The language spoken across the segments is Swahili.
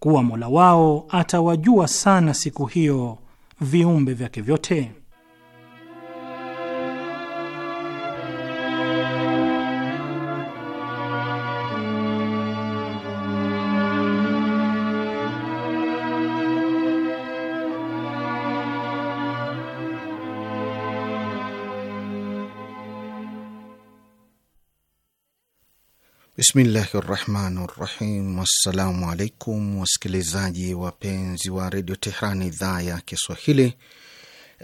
kuwa Mola wao atawajua sana siku hiyo viumbe vyake vyote. Bismillahi rahmani rahim. Wassalamu alaikum wasikilizaji wapenzi wa redio Tehran, idhaa ya Kiswahili,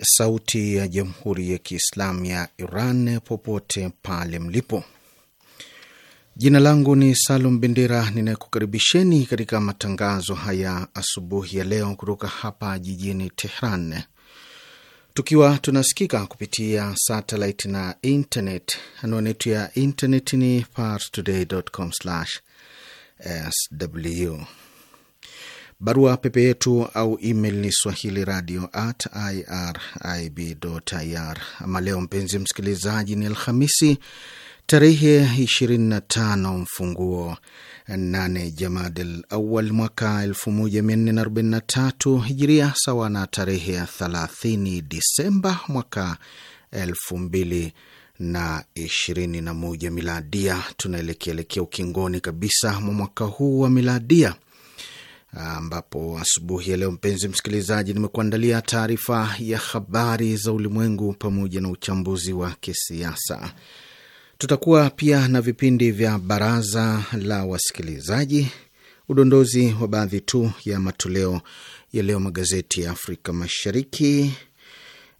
sauti ya jamhuri ya kiislamu ya Iran, popote pale mlipo. Jina langu ni Salum Bendera ninayekukaribisheni katika matangazo haya asubuhi ya leo kutoka hapa jijini Tehran tukiwa tunasikika kupitia satellite na internet. Anwani yetu ya internet ni parstoday.com/sw. Barua pepe yetu au email ni swahili radio at irib.ir. Ama leo, mpenzi msikilizaji, ni Alhamisi tarehe 25 mfunguo 8 Jamadil Awal mwaka 1443 Hijiria, sawa na tarehe ya 30 Disemba mwaka 2021 Miladia. Tunaelekeelekea ukingoni kabisa mwa mwaka huu wa miladia ambapo asubuhi ya leo, mpenzi msikilizaji, nimekuandalia taarifa ya habari za ulimwengu pamoja na uchambuzi wa kisiasa. Tutakuwa pia na vipindi vya baraza la wasikilizaji, udondozi wa baadhi tu ya matoleo ya leo magazeti ya Afrika Mashariki,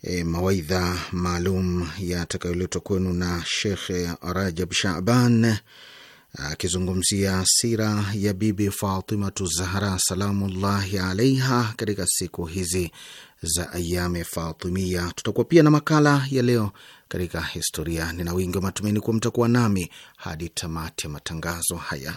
e, mawaidha maalum yatakayoletwa kwenu na Shekh Rajab Shaban akizungumzia sira ya Bibi Fatimatu Zahra salamullahi alaiha katika siku hizi za Ayame Fatimia. Tutakuwa pia na makala ya leo katika historia. Nina wingi wa matumaini kuwa mtakuwa nami hadi tamati ya matangazo haya.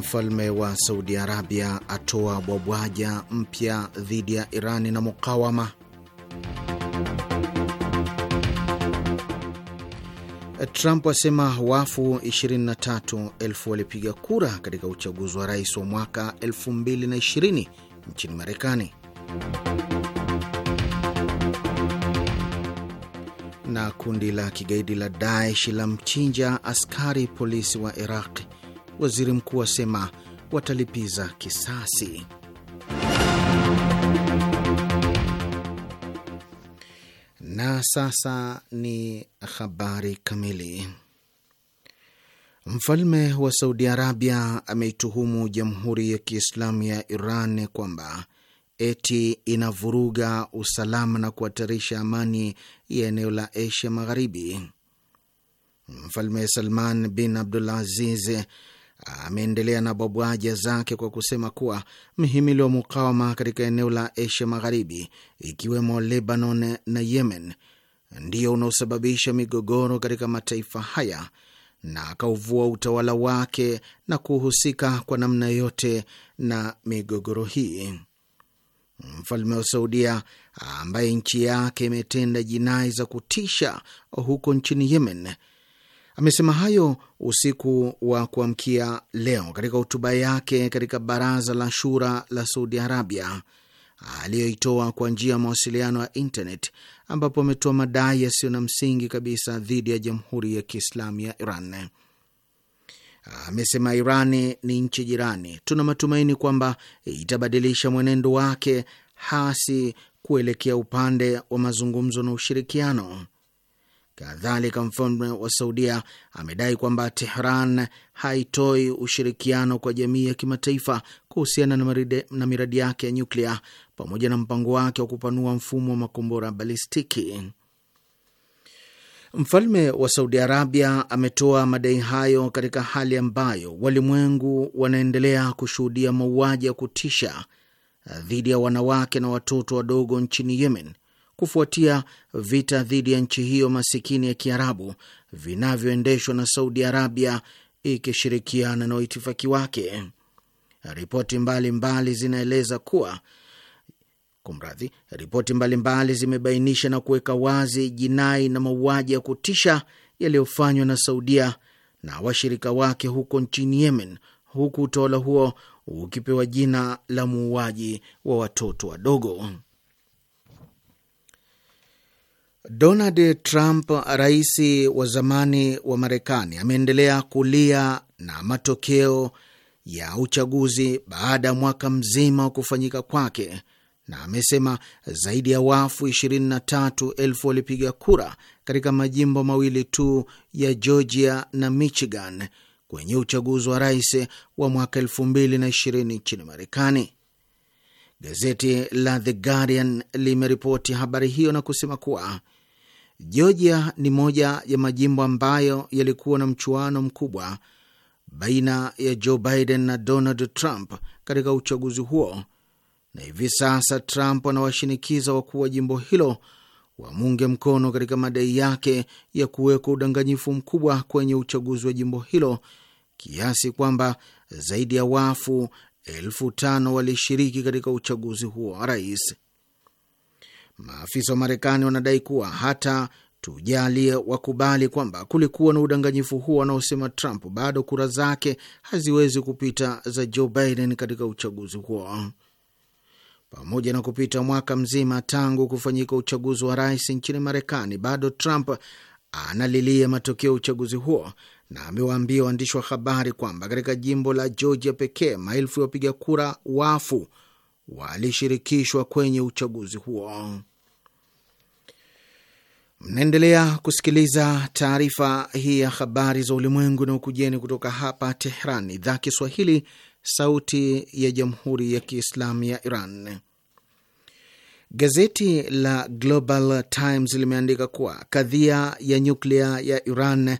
Mfalme wa Saudi Arabia atoa bwabwaja mpya dhidi ya Irani na mukawama. Trump asema wafu 23,000 walipiga kura katika uchaguzi wa rais wa mwaka 2020 nchini Marekani. Na kundi la kigaidi la Daesh la mchinja askari polisi wa Iraqi waziri mkuu asema watalipiza kisasi. Na sasa ni habari kamili. Mfalme wa Saudi Arabia ameituhumu Jamhuri ya Kiislamu ya Iran kwamba eti inavuruga usalama na kuhatarisha amani ya eneo la Asia Magharibi. Mfalme Salman bin Abdulaziz ameendelea na bwabwaja zake kwa kusema kuwa mhimili wa mukawama katika eneo la Asia Magharibi, ikiwemo Lebanon na Yemen, ndio unaosababisha migogoro katika mataifa haya, na akauvua utawala wake na kuhusika kwa namna yote na migogoro hii. Mfalme wa Saudia ambaye nchi yake imetenda jinai za kutisha huko nchini Yemen Amesema hayo usiku wa kuamkia leo katika hotuba yake katika baraza la shura la Saudi Arabia aliyoitoa kwa njia ya mawasiliano ya internet, ambapo ametoa madai yasiyo na msingi kabisa dhidi ya Jamhuri ya Kiislamu ya Iran. Amesema Irani ni nchi jirani, tuna matumaini kwamba itabadilisha mwenendo wake hasi kuelekea upande wa mazungumzo na ushirikiano. Kadhalika, mfalme wa Saudia amedai kwamba Tehran haitoi ushirikiano kwa jamii ya kimataifa kuhusiana na miradi yake ya nyuklia pamoja na mpango wake wa kupanua mfumo wa makombora balistiki. Mfalme wa Saudi Arabia ametoa madai hayo katika hali ambayo walimwengu wanaendelea kushuhudia mauaji ya kutisha dhidi ya wanawake na watoto wadogo nchini Yemen kufuatia vita dhidi ya nchi hiyo masikini ya Kiarabu vinavyoendeshwa na Saudi Arabia ikishirikiana na waitifaki wake. Ripoti mbalimbali zinaeleza kuwa kumradhi, ripoti mbalimbali zimebainisha na kuweka wazi jinai na mauaji ya kutisha yaliyofanywa na Saudia na washirika wake huko nchini Yemen, huku utawala huo ukipewa jina la muuaji wa watoto wadogo. Donald Trump, rais wa zamani wa Marekani, ameendelea kulia na matokeo ya uchaguzi baada ya mwaka mzima wa kufanyika kwake, na amesema zaidi ya wafu 23,000 walipiga kura katika majimbo mawili tu ya Georgia na Michigan kwenye uchaguzi wa rais wa mwaka 2020 nchini Marekani. Gazeti la The Guardian limeripoti habari hiyo na kusema kuwa Georgia ni moja ya majimbo ambayo yalikuwa na mchuano mkubwa baina ya Joe Biden na Donald Trump katika uchaguzi huo, na hivi sasa Trump anawashinikiza wakuu wa jimbo hilo wamunge mkono katika madai yake ya kuwekwa udanganyifu mkubwa kwenye uchaguzi wa jimbo hilo kiasi kwamba zaidi ya wafu elfu tano walishiriki katika uchaguzi huo wa rais. Maafisa wa Marekani wanadai kuwa hata tujalie wakubali kwamba kulikuwa na udanganyifu huo wanaosema Trump, bado kura zake haziwezi kupita za Joe Biden katika uchaguzi huo. Pamoja na kupita mwaka mzima tangu kufanyika uchaguzi wa rais nchini Marekani, bado Trump analilia matokeo ya uchaguzi huo na amewaambia waandishi wa habari kwamba katika jimbo la Georgia pekee maelfu ya wapiga kura wafu walishirikishwa kwenye uchaguzi huo. Mnaendelea kusikiliza taarifa hii ya habari za ulimwengu na ukujeni kutoka hapa Tehran, idhaa Kiswahili, sauti ya jamhuri ya kiislamu ya Iran. Gazeti la Global Times limeandika kuwa kadhia ya nyuklia ya Iran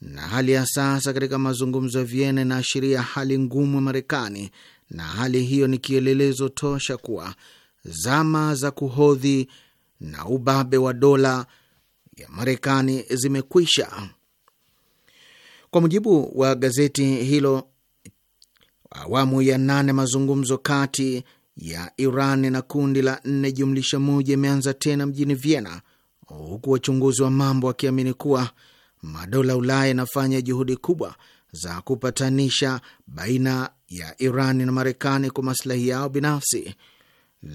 na hali ya sasa katika mazungumzo ya Vienna inaashiria hali ngumu ya Marekani, na hali hiyo ni kielelezo tosha kuwa zama za kuhodhi na ubabe wa dola ya Marekani zimekwisha. Kwa mujibu wa gazeti hilo, awamu ya nane mazungumzo kati ya Iran na kundi la nne jumlisha moja imeanza tena mjini Vienna, huku wachunguzi wa mambo wakiamini kuwa madola Ulaya yanafanya juhudi kubwa za kupatanisha baina ya Iran na Marekani kwa masilahi yao binafsi,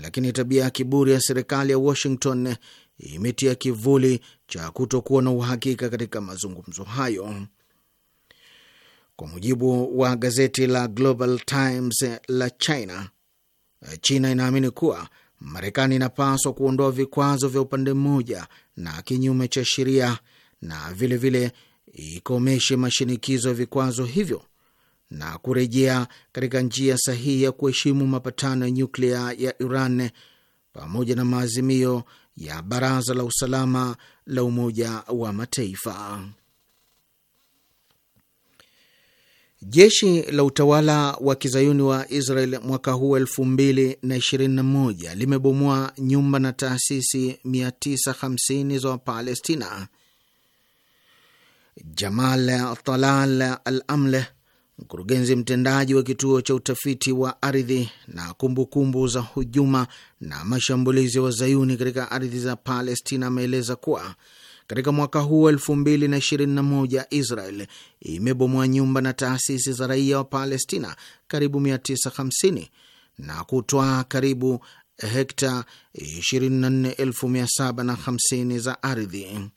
lakini tabia ya kiburi ya serikali ya Washington imetia kivuli cha kutokuwa na uhakika katika mazungumzo hayo. Kwa mujibu wa gazeti la Global Times la China, China inaamini kuwa Marekani inapaswa kuondoa vikwazo vya upande mmoja na kinyume cha sheria na vilevile vile ikomeshe mashinikizo ya vikwazo hivyo na kurejea katika njia sahihi ya kuheshimu mapatano ya nyuklia ya Iran pamoja na maazimio ya Baraza la Usalama la Umoja wa Mataifa. Jeshi la utawala wa kizayuni wa Israel mwaka huu 221 limebomoa nyumba na taasisi 950 za Wapalestina. Jamal Talal Al Amleh mkurugenzi mtendaji wa kituo cha utafiti wa ardhi na kumbukumbu -kumbu za hujuma na mashambulizi ya wa wazayuni katika ardhi za Palestina ameeleza kuwa katika mwaka huu elfu mbili na ishirini na moja Israel imebomoa nyumba na taasisi za raia wa Palestina karibu 950 na kutwaa karibu hekta 24750 za ardhi.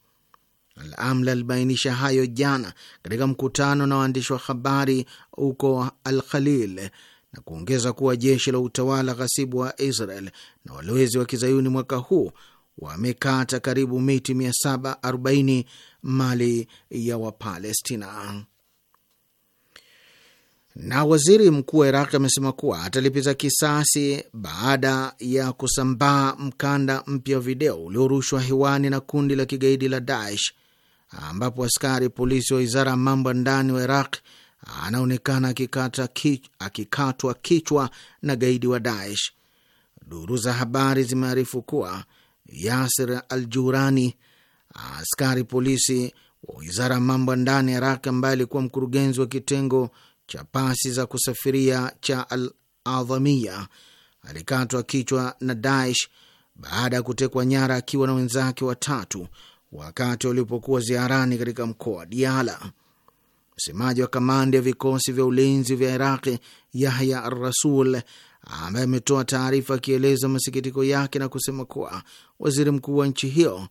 Al Amla alibainisha hayo jana katika mkutano na waandishi wa habari huko Al Khalil na kuongeza kuwa jeshi la utawala ghasibu wa Israel na walowezi wa kizayuni mwaka huu wamekata karibu miti 740 mali ya Wapalestina. Na waziri mkuu wa Iraq amesema kuwa atalipiza kisasi baada ya kusambaa mkanda mpya wa video uliorushwa hewani na kundi la kigaidi la Daesh ambapo askari polisi wa wizara ya mambo ya ndani wa Iraq anaonekana akikatwa kichwa, kichwa na gaidi wa Daesh. Duru za habari zimearifu kuwa Yasir al Jurani, askari polisi wa wizara ya mambo ya ndani ya Iraq ambaye alikuwa mkurugenzi wa kitengo cha pasi za kusafiria cha Al Adhamia, alikatwa kichwa na Daesh baada ya kutekwa nyara akiwa na wenzake watatu wakati walipokuwa ziarani katika mkoa wa Diala. Msemaji wa kamanda ya vikosi vya ulinzi vya Iraqi, Yahya Arrasul, ambaye ametoa taarifa akieleza masikitiko yake na kusema kuwa waziri mkuu wa nchi hiyo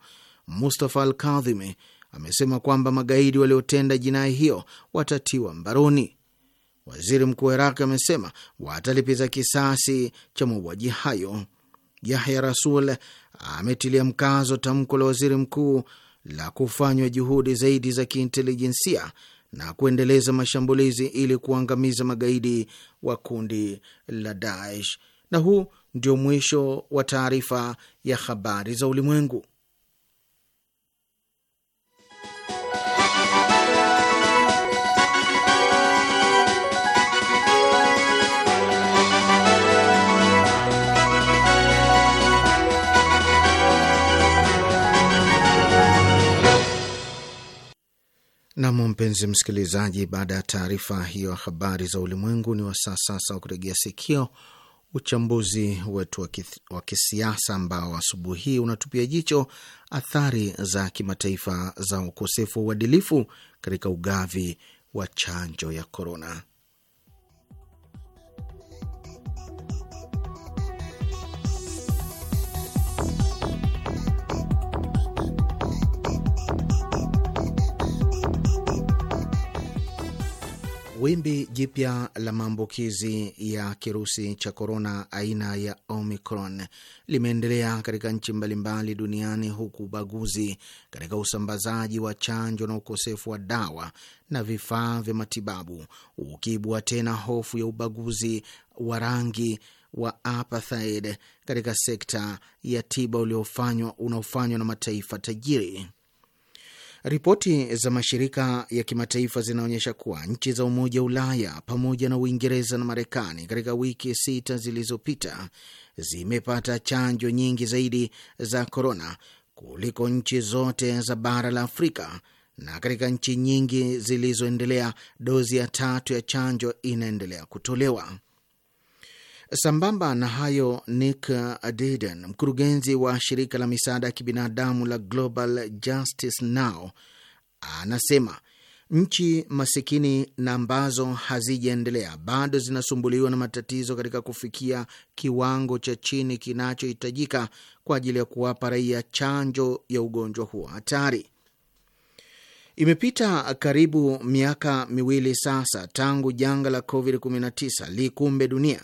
Mustafa Al Kadhimi amesema kwamba magaidi waliotenda jinai hiyo watatiwa mbaroni. Waziri mkuu wa Iraqi amesema watalipiza kisasi cha mauaji hayo. Yahya Rasul ametilia mkazo tamko la waziri mkuu la kufanywa juhudi zaidi za kiintelijensia na kuendeleza mashambulizi ili kuangamiza magaidi wa kundi la Daesh. Na huu ndio mwisho wa taarifa ya habari za ulimwengu. Nam, mpenzi msikilizaji, baada ya taarifa hiyo ya habari za ulimwengu, ni wasaa sasa wa kuregea sikio uchambuzi wetu wa kisiasa ambao asubuhi hii unatupia jicho athari za kimataifa za ukosefu wa uadilifu katika ugavi wa chanjo ya korona. Wimbi jipya la maambukizi ya kirusi cha korona aina ya Omicron limeendelea katika nchi mbalimbali duniani huku ubaguzi katika usambazaji wa chanjo na ukosefu wa dawa na vifaa vya matibabu ukiibua tena hofu ya ubaguzi wa rangi wa apartheid katika sekta ya tiba unaofanywa na mataifa tajiri. Ripoti za mashirika ya kimataifa zinaonyesha kuwa nchi za Umoja wa Ulaya pamoja na Uingereza na Marekani katika wiki sita zilizopita zimepata chanjo nyingi zaidi za korona kuliko nchi zote za bara la Afrika, na katika nchi nyingi zilizoendelea dozi ya tatu ya chanjo inaendelea kutolewa. Sambamba na hayo, Nick Deden, mkurugenzi wa shirika la misaada ya kibinadamu la Global Justice Now, anasema nchi masikini na ambazo hazijaendelea bado zinasumbuliwa na matatizo katika kufikia kiwango cha chini kinachohitajika kwa ajili ya kuwapa raia chanjo ya ugonjwa huo hatari. Imepita karibu miaka miwili sasa tangu janga la COVID-19 likumbe dunia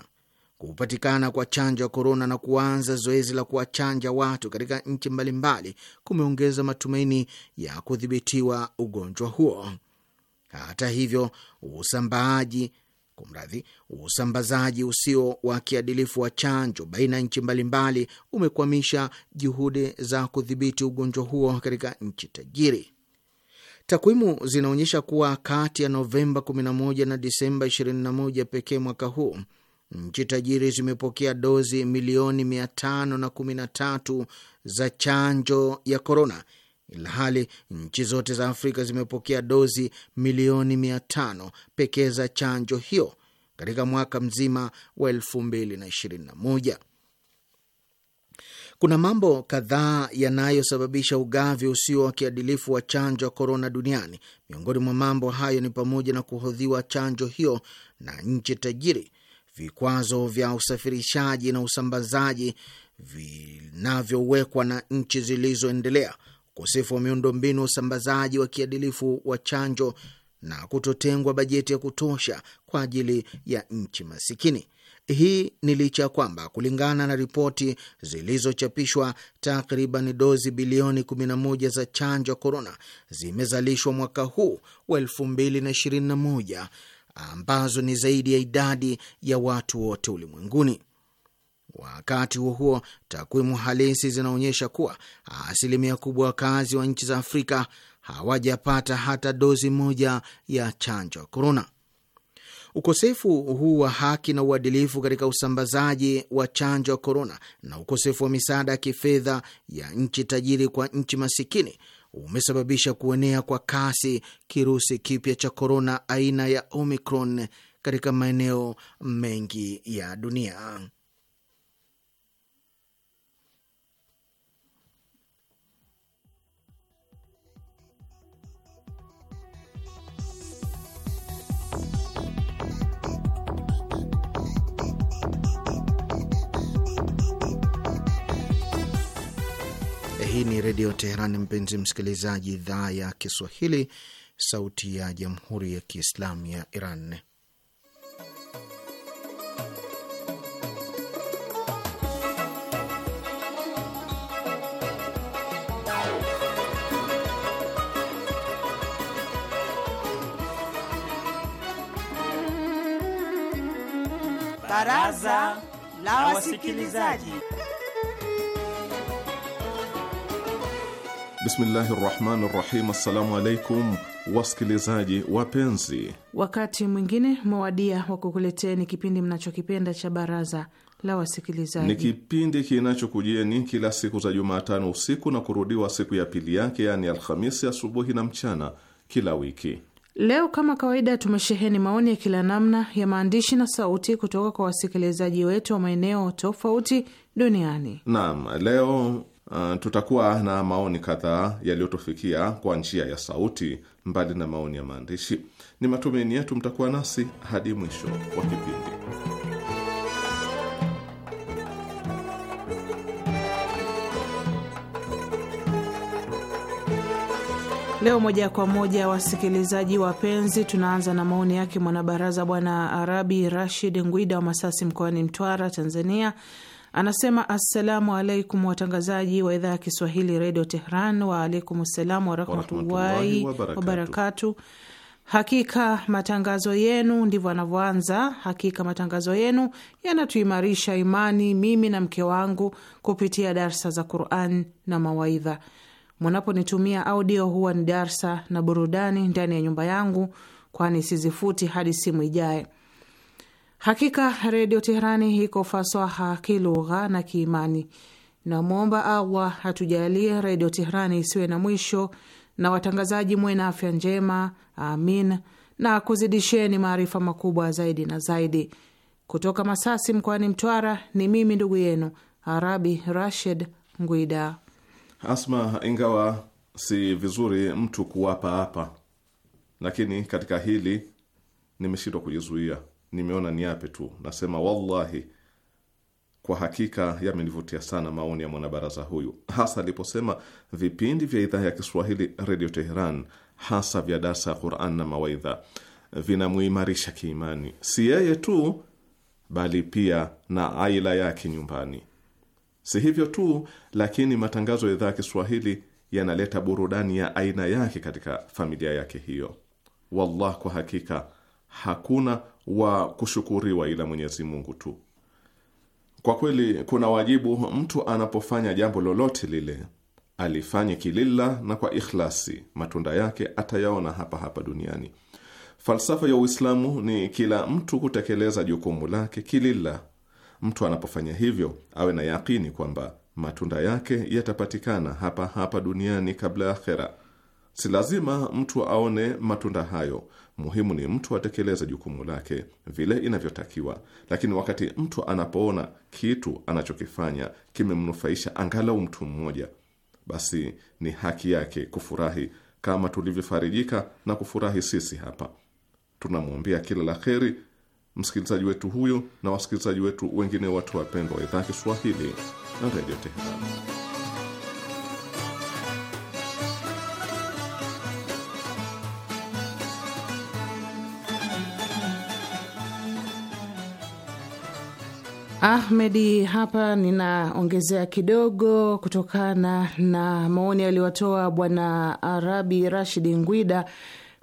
Kupatikana kwa chanjo ya korona na kuanza zoezi la kuwachanja watu katika nchi mbalimbali kumeongeza matumaini ya kudhibitiwa ugonjwa huo. Hata hivyo, usambaaji kumradhi, usambazaji usio wa kiadilifu wa chanjo baina ya nchi mbalimbali umekwamisha juhudi za kudhibiti ugonjwa huo katika nchi tajiri. Takwimu zinaonyesha kuwa kati ya Novemba 11 na Disemba 21 pekee mwaka huu Nchi tajiri zimepokea dozi milioni mia tano na kumi na tatu za chanjo ya korona, ilhali nchi zote za Afrika zimepokea dozi milioni mia tano pekee za chanjo hiyo katika mwaka mzima wa elfu mbili na ishirini na moja. Kuna mambo kadhaa yanayosababisha ugavi usio wa kiadilifu wa chanjo ya korona duniani. Miongoni mwa mambo hayo ni pamoja na kuhodhiwa chanjo hiyo na nchi tajiri vikwazo vya usafirishaji na usambazaji vinavyowekwa na nchi zilizoendelea, ukosefu wa miundombinu ya usambazaji wa kiadilifu wa chanjo na kutotengwa bajeti ya kutosha kwa ajili ya nchi masikini. Hii ni licha ya kwamba kulingana na ripoti zilizochapishwa takriban dozi bilioni 11 za chanjo ya korona zimezalishwa mwaka huu wa 2021 ambazo ni zaidi ya idadi ya watu wote ulimwenguni. Wakati huo huo, takwimu halisi zinaonyesha kuwa asilimia kubwa wakazi wa nchi za Afrika hawajapata hata dozi moja ya chanjo ya korona. Ukosefu huu wa haki na uadilifu katika usambazaji wa chanjo ya korona na ukosefu wa misaada ya kifedha ya nchi tajiri kwa nchi masikini umesababisha kuenea kwa kasi kirusi kipya cha korona aina ya Omicron katika maeneo mengi ya dunia. Hii ni Redio Teheran, mpenzi msikilizaji, idhaa ya Kiswahili, sauti ya Jamhuri ya Kiislamu ya Iran. Baraza la Wasikilizaji. Bismillahi rahmani rahim. Assalamu alaikum wasikilizaji wapenzi, wakati mwingine mwawadia wa kukuleteni kipindi mnachokipenda cha baraza la wasikilizaji. Ni kipindi kinachokujieni kila siku za Jumatano usiku na kurudiwa siku ya pili yake, yaani Alhamisi asubuhi na mchana kila wiki. Leo kama kawaida, tumesheheni maoni ya kila namna ya maandishi na sauti kutoka kwa wasikilizaji wetu wa maeneo tofauti duniani. Naam, leo Uh, tutakuwa na maoni kadhaa yaliyotufikia kwa njia ya sauti, mbali na maoni ya maandishi. Ni matumaini yetu mtakuwa nasi hadi mwisho wa kipindi. Leo moja kwa moja, wasikilizaji wapenzi, tunaanza na maoni yake mwanabaraza Bwana Arabi Rashid Ngwida wa Masasi mkoani Mtwara, Tanzania. Anasema, assalamu alaikum watangazaji wa idhaa ya Kiswahili redio Tehran. Waalaikum salam warahmatullahi wabarakatu. Hakika matangazo yenu, ndivyo anavyoanza. Hakika matangazo yenu yanatuimarisha imani, mimi na mke wangu, kupitia darsa za Quran na mawaidha. Mwanaponitumia audio, huwa ni darsa na burudani ndani ya nyumba yangu, kwani sizifuti hadi simu ijaye. Hakika Redio Teherani iko fasaha kilugha na kiimani. Namwomba Allah hatujalie Redio Teherani isiwe na mwisho na watangazaji mwe na afya njema, amin, na kuzidisheni maarifa makubwa zaidi na zaidi. Kutoka Masasi mkoani Mtwara ni mimi ndugu yenu Arabi Rashid Ngwida. Asma, ingawa si vizuri mtu kuwapa hapa, lakini katika hili nimeshindwa kujizuia nimeona ni yape tu. Nasema wallahi, kwa hakika yamenivutia sana maoni ya mwanabaraza huyu, hasa aliposema vipindi vya idhaa ya Kiswahili Radio Teheran, hasa vya darsa ya Quran na mawaidha vinamuimarisha kiimani, si yeye tu bali pia na aila yake nyumbani. Si hivyo tu, lakini matangazo ya idhaa ya Kiswahili yanaleta burudani ya aina yake katika familia yake hiyo. Wallah, kwa hakika hakuna wa kushukuriwa ila Mwenyezi Mungu tu. Kwa kweli kuna wajibu mtu anapofanya jambo lolote lile alifanye kililla na kwa ikhlasi, matunda yake atayaona hapa hapa duniani. Falsafa ya Uislamu ni kila mtu kutekeleza jukumu lake kililla. Mtu anapofanya hivyo awe na yakini kwamba matunda yake yatapatikana hapa hapa duniani kabla ya akhera. Si lazima mtu aone matunda hayo, Muhimu ni mtu atekeleze jukumu lake vile inavyotakiwa, lakini wakati mtu anapoona kitu anachokifanya kimemnufaisha angalau mtu mmoja, basi ni haki yake kufurahi kama tulivyofarijika na kufurahi sisi hapa. Tunamwombea kila la kheri msikilizaji wetu huyu na wasikilizaji wetu wengine, watu wapendwa wa idhaa Kiswahili na Redio Teherani. Ahmedi, hapa ninaongezea kidogo kutokana na maoni aliyotoa Bwana Arabi Rashidi Ngwida.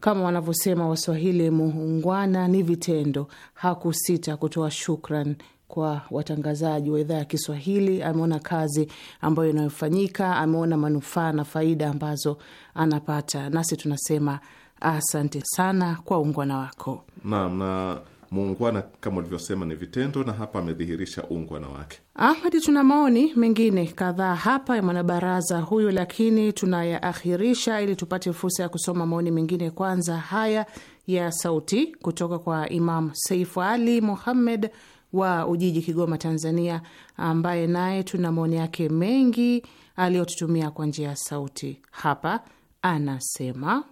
Kama wanavyosema Waswahili, muungwana ni vitendo. Hakusita kutoa shukran kwa watangazaji wa idhaa ya Kiswahili. Ameona kazi ambayo inayofanyika, ameona manufaa na faida ambazo anapata, nasi tunasema asante sana kwa uungwana wako. Naam, na Muungwana kama ulivyosema ni vitendo, na hapa amedhihirisha uungwana wake. ahmad tuna maoni mengine kadhaa hapa ya mwanabaraza huyu, lakini tunayaakhirisha ili tupate fursa ya kusoma maoni mengine. Kwanza haya ya sauti kutoka kwa Imam seifu Ali Muhammed wa Ujiji, Kigoma, Tanzania, ambaye naye tuna maoni yake mengi aliyotutumia kwa njia ya sauti. Hapa anasema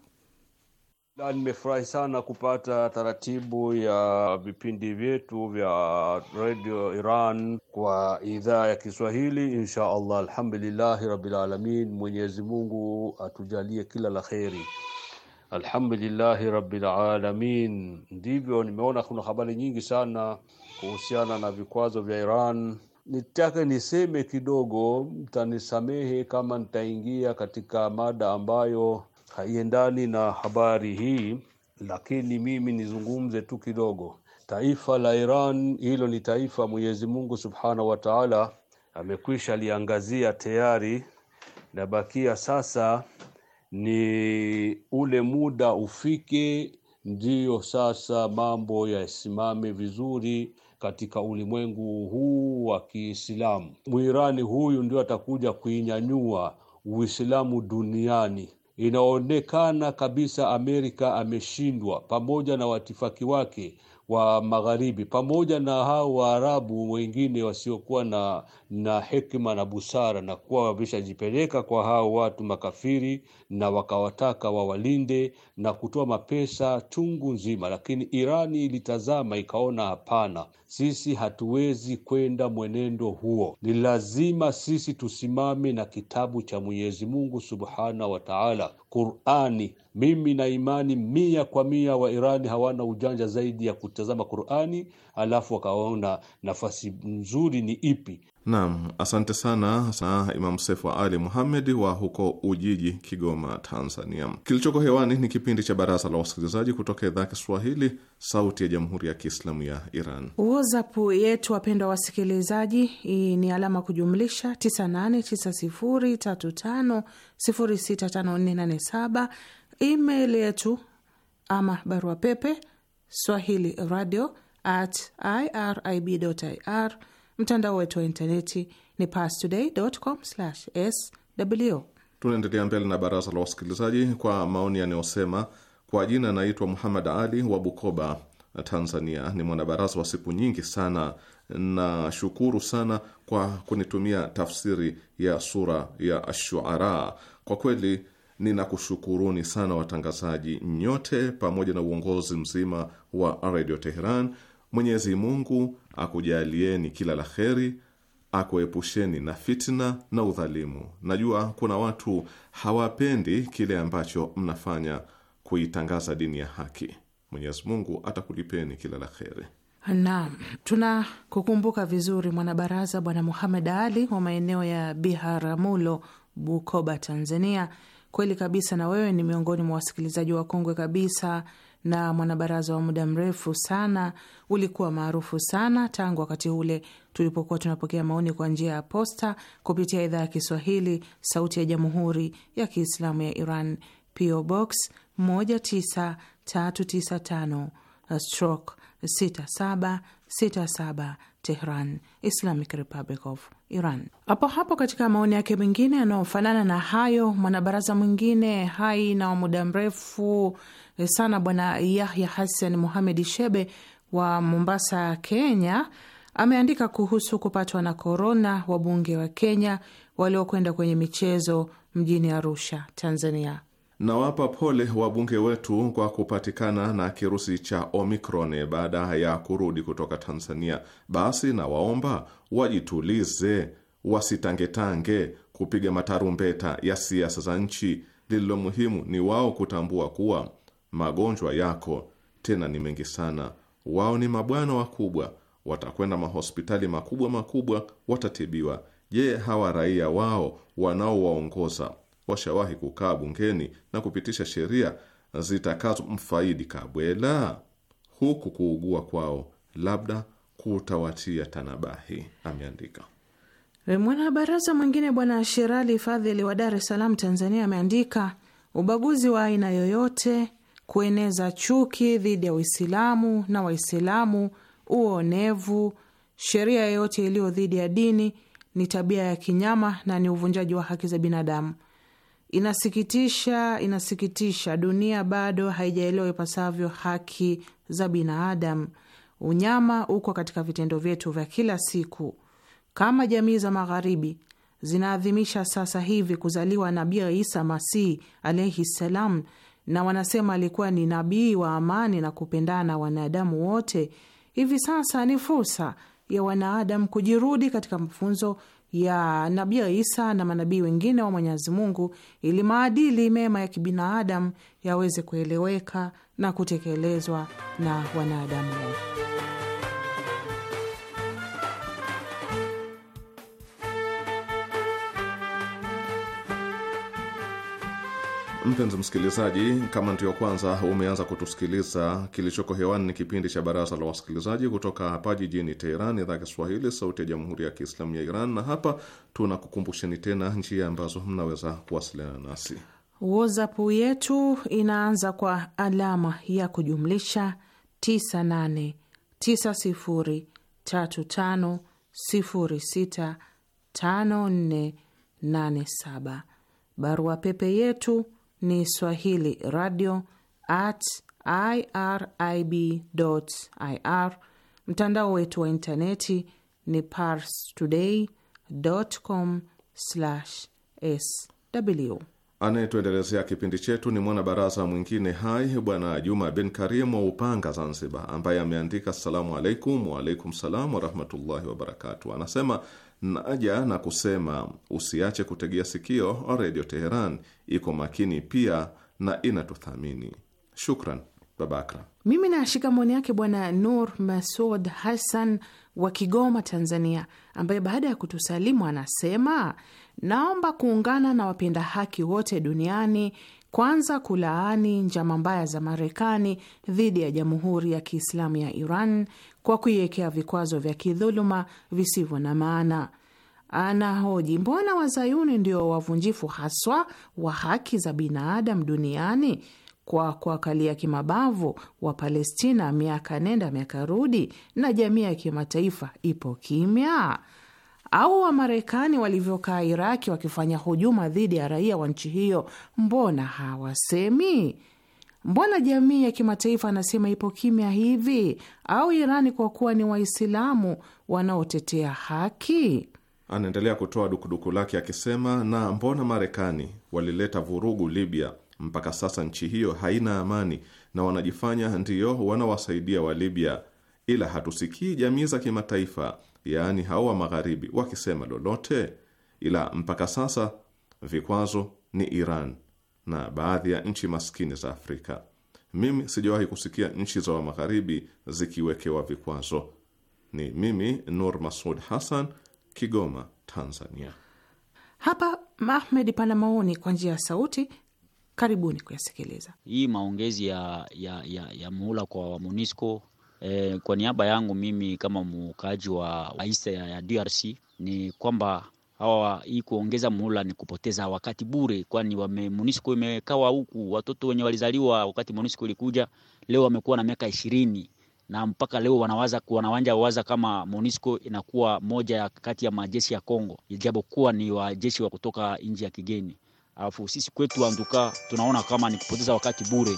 Nimefurahi sana kupata taratibu ya vipindi vyetu vya Radio Iran kwa idhaa ya Kiswahili, insha Allah. Alhamdulillahi rabbil alamin, Mwenyezi Mungu atujalie kila la kheri. Alhamdulillahi rabbil alamin. Ndivyo nimeona kuna habari nyingi sana kuhusiana na vikwazo vya Iran. Nitake niseme kidogo, mtanisamehe kama nitaingia katika mada ambayo haiendani na habari hii, lakini mimi nizungumze tu kidogo. Taifa la Iran hilo ni taifa Mwenyezi Mungu Subhanahu wa Ta'ala amekwisha liangazia tayari, na bakia sasa ni ule muda ufike, ndiyo sasa mambo yasimame vizuri katika ulimwengu huu wa Kiislamu. Mwirani huyu ndio atakuja kuinyanyua Uislamu duniani. Inaonekana kabisa Amerika ameshindwa pamoja na watifaki wake wa magharibi pamoja na hao Waarabu wengine wasiokuwa na, na hekima na busara na kuwa wameshajipeleka kwa hao watu makafiri na wakawataka wawalinde na kutoa mapesa chungu nzima, lakini Irani ilitazama ikaona, hapana, sisi hatuwezi kwenda mwenendo huo. Ni lazima sisi tusimame na kitabu cha Mwenyezi Mungu Subhanahu wa Ta'ala Qurani. Mimi na imani mia kwa mia wa Irani hawana ujanja zaidi ya kutazama Qurani, alafu wakaona nafasi nzuri ni ipi Naam, asante sana sana Imam Sefu Ali Muhamed wa huko Ujiji, Kigoma, Tanzania. Kilichoko hewani ni kipindi cha Baraza la Wasikilizaji kutoka idhaa ya Kiswahili, Sauti ya Jamhuri ya Kiislamu ya Iran. WhatsApp yetu wapendwa wasikilizaji ni alama kujumlisha 989035065487. Email yetu ama barua pepe swahili radio at irib.ir Mtandao wetu wa intaneti ni sw Tunaendelea mbele na baraza la wasikilizaji kwa maoni yanayosema, kwa jina anaitwa Muhammad Ali wa Bukoba, Tanzania. Ni mwanabaraza wa siku nyingi sana. Nashukuru sana kwa kunitumia tafsiri ya sura ya Ashuara. Kwa kweli ninakushukuruni sana watangazaji nyote, pamoja na uongozi mzima wa Radio Teheran. Mwenyezi Mungu akujalieni kila la kheri, akuepusheni na fitna na udhalimu. Najua kuna watu hawapendi kile ambacho mnafanya kuitangaza dini ya haki. Mwenyezi Mungu atakulipeni kila la kheri. Naam, tuna kukumbuka vizuri mwanabaraza Bwana Muhamed Ali wa maeneo ya Biharamulo, Bukoba, Tanzania. Kweli kabisa, na wewe ni miongoni mwa wasikilizaji wakongwe kabisa na mwanabaraza wa muda mrefu sana, ulikuwa maarufu sana tangu wakati ule tulipokuwa tunapokea maoni kwa njia ya posta kupitia idhaa ya Kiswahili, Sauti ya Jamhuri ya Kiislamu ya Iran, PO Box 19395 stroke 6767 Tehran, Islamic Republic of Iran. Hapo hapo katika maoni yake mengine yanayofanana na hayo, mwanabaraza mwingine hai na wa muda mrefu Eh, sana Bwana Yahya Hassan Muhamed Shebe wa Mombasa, Kenya, ameandika kuhusu kupatwa na korona wabunge wa Kenya waliokwenda kwenye michezo mjini Arusha, Tanzania. Nawapa pole wabunge wetu kwa kupatikana na kirusi cha Omicron baada ya kurudi kutoka Tanzania. Basi nawaomba wajitulize, wasitangetange kupiga matarumbeta ya siasa za nchi. Lililo muhimu ni wao kutambua kuwa magonjwa yako tena ni mengi sana. Wao ni mabwana wakubwa, watakwenda mahospitali makubwa makubwa, watatibiwa. Je, hawa raia wao wanaowaongoza washawahi kukaa bungeni na kupitisha sheria zitakazomfaidi Kabwela? Huku kuugua kwao labda kutawatia tanabahi, ameandika eh, mwanabaraza mwingine Bwana Sherali Fadhili wa Dar es Salaam, Tanzania, ameandika ubaguzi wa aina yoyote kueneza chuki dhidi ya Uislamu na Waislamu, uonevu, sheria yoyote iliyo dhidi ya dini ni tabia ya kinyama na ni uvunjaji wa haki za binadamu. Inasikitisha, inasikitisha, dunia bado haijaelewa ipasavyo haki za binadamu. Unyama uko katika vitendo vyetu vya kila siku. Kama jamii za Magharibi zinaadhimisha sasa hivi kuzaliwa Nabii Isa Masihi alaihi ssalam, na wanasema alikuwa ni nabii wa amani na kupendana wanadamu wote. Hivi sasa ni fursa ya wanaadamu kujirudi katika mafunzo ya Nabii Isa na manabii wengine wa Mwenyezi Mungu ili maadili mema ya kibinadamu yaweze kueleweka na kutekelezwa na wanadamu wote. Mpenzi msikilizaji, kama ndiyo kwanza umeanza kutusikiliza, kilichoko hewani ni kipindi cha Baraza la Wasikilizaji kutoka hapa jijini Teheran, idhaa Kiswahili, sauti ya Jamhuri ya Kiislamu ya Iran. Na hapa tunakukumbusheni tena njia ambazo mnaweza kuwasiliana nasi. WhatsApp yetu inaanza kwa alama ya kujumlisha 989035065487. Barua pepe yetu ni swahili radio at irib ir. Mtandao wetu wa intaneti ni pars today com sw. Anayetuendelezea kipindi chetu ni mwanabaraza mwingine hai Bwana Juma bin Karim wa Upanga, Zanzibar, ambaye ameandika assalamu alaikum. Waalaikum salam warahmatullahi wabarakatu. Anasema naja na kusema usiache kutegea sikio Redio Teheran iko makini pia na inatuthamini. Shukran Babakra. Mimi nashika maoni yake bwana Nur Masud Hassan wa Kigoma, Tanzania, ambaye baada ya kutusalimu anasema naomba kuungana na wapenda haki wote duniani kwanza kulaani njama mbaya za Marekani dhidi ya Jamhuri ya Kiislamu ya Iran kwa kuiwekea vikwazo vya kidhuluma visivyo na maana anahoji, mbona wazayuni ndio wavunjifu haswa wa haki za binadamu duniani kwa kuakalia kimabavu wa Palestina miaka nenda miaka rudi, na jamii ya kimataifa ipo kimya? Au Wamarekani walivyokaa Iraki wakifanya hujuma dhidi ya raia wa nchi hiyo, mbona hawasemi? Mbona jamii ya kimataifa anasema ipo kimya hivi? Au Irani kwa kuwa ni Waislamu wanaotetea haki? anaendelea kutoa dukuduku lake akisema, na mbona Marekani walileta vurugu Libya mpaka sasa nchi hiyo haina amani na wanajifanya ndiyo wanawasaidia wa Libya, ila hatusikii jamii za kimataifa, yaani hao wa magharibi wakisema lolote, ila mpaka sasa vikwazo ni Iran na baadhi ya nchi maskini za Afrika. Mimi sijawahi kusikia nchi za wa magharibi zikiwekewa vikwazo. Ni mimi Nur Masud Hassan Kigoma, Tanzania. Hapa Mahmed pana maoni kwa njia ya sauti, karibuni kuyasikiliza. Hii maongezi ya, ya, ya, ya muhula kwa MONUSCO eh, kwa niaba yangu mimi kama mukaaji wa aisa ya, ya DRC ni kwamba hawa hii kuongeza muhula ni kupoteza wakati bure, kwani wame MONUSCO imekawa huku watoto wenye walizaliwa wakati MONUSCO ilikuja leo wamekuwa na miaka ishirini na mpaka leo wanawaza wanawanja waza kama Monisco inakuwa moja ya kati ya majeshi ya Kongo, ijapokuwa ni wajeshi wa kutoka nchi ya kigeni. Alafu sisi kwetu anduka tunaona kama ni kupoteza wakati bure,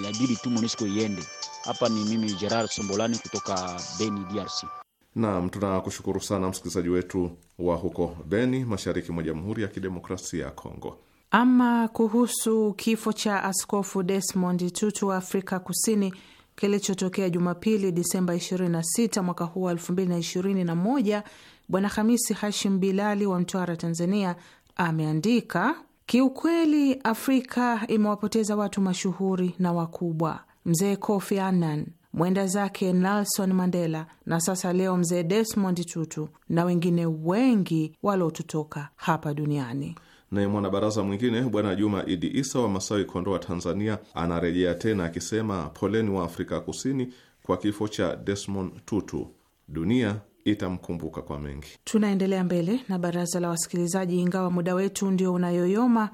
inabidi tu Monisco iende. Hapa ni mimi Gerard Sombolani kutoka Beni, DRC. Naam, tunakushukuru sana msikilizaji wetu wa huko Beni, mashariki mwa Jamhuri ya Kidemokrasia ya Kongo. Ama kuhusu kifo cha Askofu Desmond Tutu wa Afrika Kusini kilichotokea Jumapili, Disemba 26 mwaka huu wa 2021. Bwana Hamisi Hashim Bilali wa Mtwara, Tanzania, ameandika kiukweli, Afrika imewapoteza watu mashuhuri na wakubwa, mzee Kofi Annan, mwenda zake Nelson Mandela na sasa leo mzee Desmond Tutu na wengine wengi waliotutoka hapa duniani. Naye mwanabaraza mwingine Bwana Juma Idi Isa wa Masawi, Kondoa, Tanzania, anarejea tena akisema, poleni wa Afrika Kusini kwa kifo cha Desmond Tutu. Dunia itamkumbuka kwa mengi. Tunaendelea mbele na baraza la wasikilizaji, ingawa muda wetu ndio unayoyoma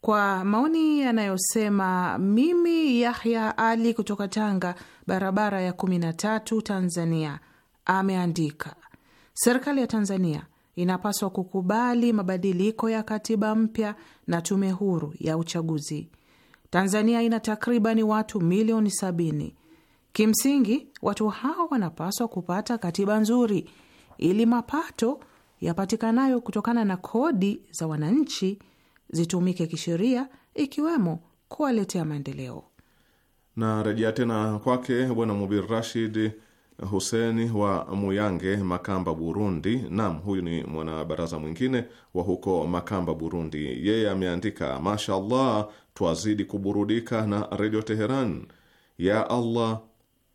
kwa maoni yanayosema mimi Yahya Ali kutoka Tanga, barabara ya kumi na tatu, Tanzania, ameandika serikali ya Tanzania inapaswa kukubali mabadiliko ya katiba mpya na tume huru ya uchaguzi. Tanzania ina takribani watu milioni sabini. Kimsingi, watu hao wanapaswa kupata katiba nzuri ili mapato yapatikanayo kutokana na kodi za wananchi zitumike kisheria, ikiwemo kuwaletea maendeleo. na rejea tena kwake Bwana Mubir Rashid Huseni wa Muyange, Makamba, Burundi. Naam, huyu ni mwanabaraza mwingine wa huko Makamba, Burundi. Yeye ameandika mashallah, twazidi kuburudika na Redio Teheran. Ya Allah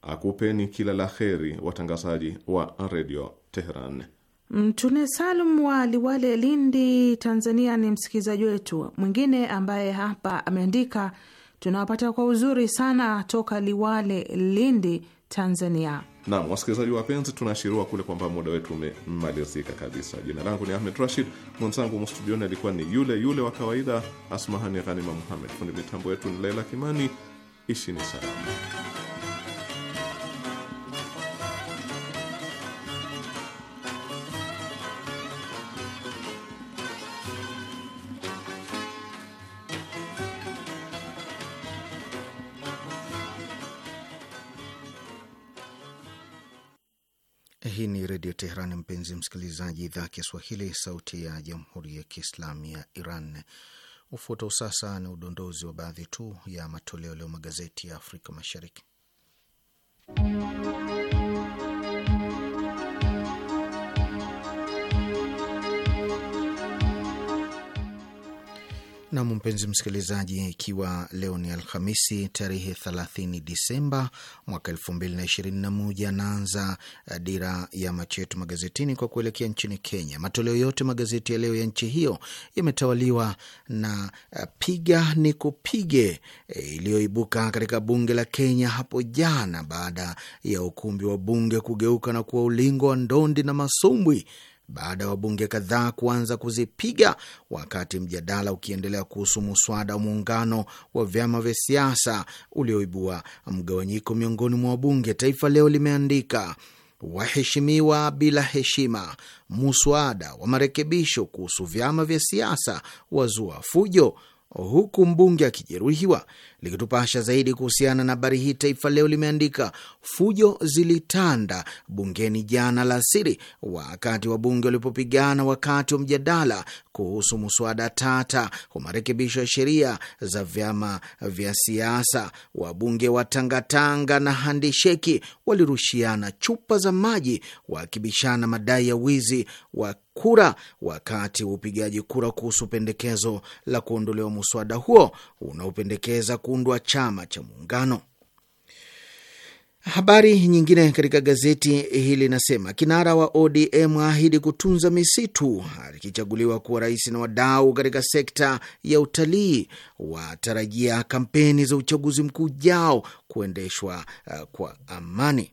akupeni kila la kheri watangazaji wa Redio Teheran. mtune Salum wa Liwale, Lindi, Tanzania ni msikilizaji wetu mwingine ambaye hapa ameandika tunawapata kwa uzuri sana toka Liwale, Lindi, Tanzania. Naam, wasikilizaji wapenzi, tunaashiriwa kule kwamba muda wetu umemalizika kabisa. Jina langu ni Ahmed Rashid, mwenzangu mstudioni alikuwa ni yule yule wa kawaida Asmahani Ghanima muhammed fundi mitambo yetu ni Laila Kimani. Ishini salama. Redio Teheran. Mpenzi msikilizaji, idhaa ya Kiswahili, sauti ya jamhuri ya kiislamu ya Iran. Ufuatao sasa ni udondozi wa baadhi tu ya matoleo leo magazeti ya Afrika Mashariki. Nam, mpenzi msikilizaji, ikiwa leo ni Alhamisi tarehe 30 Disemba mwaka 2021, naanza eh, dira ya macho yetu magazetini kwa kuelekea nchini Kenya. Matoleo yote magazeti ya leo ya nchi hiyo yametawaliwa na eh, piga ni kupige eh, iliyoibuka katika bunge la Kenya hapo jana baada ya ukumbi wa bunge kugeuka na kuwa ulingo wa ndondi na masumbwi baada ya wabunge kadhaa kuanza kuzipiga wakati mjadala ukiendelea kuhusu muswada wa muungano wa vyama vya siasa ulioibua mgawanyiko miongoni mwa wabunge. Taifa Leo limeandika waheshimiwa bila heshima, muswada wa marekebisho kuhusu vyama vya siasa wazua fujo huku mbunge akijeruhiwa. Likitupasha zaidi kuhusiana na habari hii, Taifa Leo limeandika fujo zilitanda bungeni jana la siri wakati wabunge walipopigana wakati wa mjadala kuhusu muswada tata wa marekebisho ya sheria za vyama vya siasa. Wabunge wa tangatanga na handisheki walirushiana chupa za maji wakibishana madai ya wizi wa kura wakati wa upigaji kura kuhusu pendekezo la kuondolewa muswada huo unaopendekeza kuundwa chama cha muungano. Habari nyingine katika gazeti hili inasema kinara wa ODM aahidi kutunza misitu akichaguliwa kuwa rais, na wadau katika sekta ya utalii watarajia kampeni za uchaguzi mkuu ujao kuendeshwa uh, kwa amani.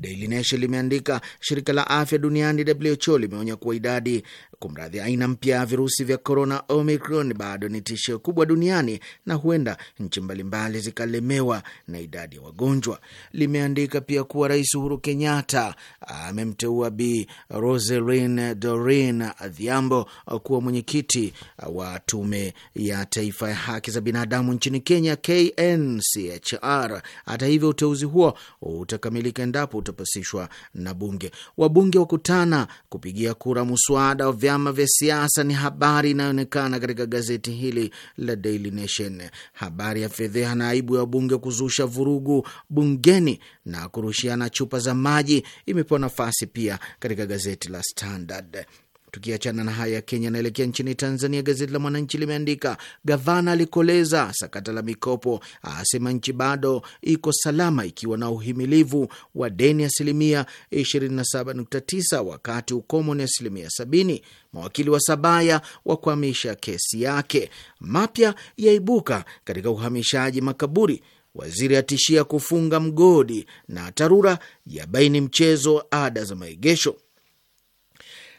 Daily Nation limeandika shirika la afya duniani WHO limeonya kuwa idadi kumradhi, aina mpya ya virusi vya korona Omicron bado ni tishio kubwa duniani na huenda nchi mbalimbali zikalemewa na idadi ya wagonjwa. Limeandika pia kuwa Rais Uhuru Kenyatta amemteua Bi Roselyn Dorin Adhiambo kuwa mwenyekiti wa Tume ya Taifa ya Haki za Binadamu nchini Kenya, KNCHR. Hata hivyo, uteuzi huo utakamilika endapo utopasishwa na bunge. Wabunge wakutana kupigia kura muswada wa vyama vya siasa, ni habari inayoonekana katika gazeti hili la Daily Nation. Habari ya fedheha na aibu ya wabunge kuzusha vurugu bungeni na kurushiana chupa za maji imepewa nafasi pia katika gazeti la Standard. Tukiachana na haya ya Kenya, naelekea nchini Tanzania. Gazeti la Mwananchi limeandika gavana alikoleza sakata la mikopo, asema nchi bado iko salama ikiwa na uhimilivu wa deni asilimia 27.9 wakati ukomo ni asilimia 70. Mawakili wa Sabaya wa kuhamisha kesi yake. Mapya yaibuka katika uhamishaji makaburi. Waziri atishia kufunga mgodi, na TARURA yabaini mchezo ada za maegesho.